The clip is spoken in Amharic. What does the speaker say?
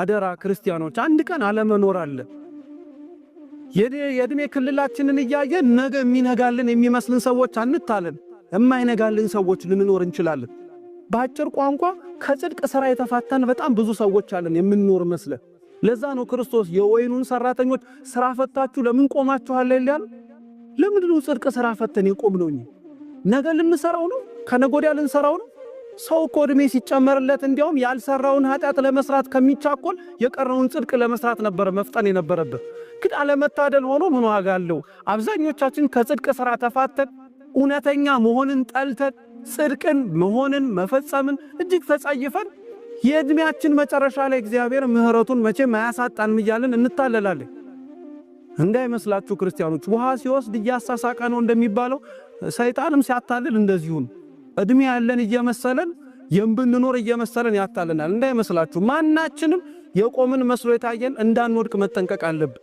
አደራ ክርስቲያኖች፣ አንድ ቀን አለመኖር አለ። የዕድሜ ክልላችንን እያየን ነገ የሚነጋልን የሚመስልን ሰዎች አንታለን። የማይነጋልን ሰዎች ልንኖር እንችላለን። በአጭር ቋንቋ ከጽድቅ ሥራ የተፋታን በጣም ብዙ ሰዎች አለን የምንኖር መስለ። ለዛ ነው ክርስቶስ የወይኑን ሰራተኞች ሥራ ፈታችሁ ለምን ቆማችኋል ይላል። ለምንድን ነው ጽድቅ ሥራ ፈተን የቆምነው? ነገ ልንሰራው ነው? ከነገ ወዲያ ልንሰራው ነው? ሰው እኮ እድሜ ሲጨመርለት እንዲያውም ያልሰራውን ኃጢአት ለመስራት ከሚቻኮል የቀረውን ጽድቅ ለመስራት ነበረ መፍጠን የነበረብህ። ግን አለመታደል ሆኖ ምን ዋጋ አለው? አብዛኞቻችን ከጽድቅ ሥራ ተፋተን እውነተኛ መሆንን ጠልተን ጽድቅን መሆንን መፈጸምን እጅግ ተጸይፈን የዕድሜያችን መጨረሻ ላይ እግዚአብሔር ምሕረቱን መቼ አያሳጣንም እያልን እንታለላለን። እንዳይመስላችሁ ክርስቲያኖች፣ ውሃ ሲወስድ እያሳሳቀ ነው እንደሚባለው ሰይጣንም ሲያታልል እንደዚሁ ነው። እድሜ ያለን እየመሰለን የምብንኖር እየመሰለን ያታለናል እንዳይመስላችሁ ማናችንም የቆምን መስሎ የታየን እንዳንወድቅ መጠንቀቅ አለብን።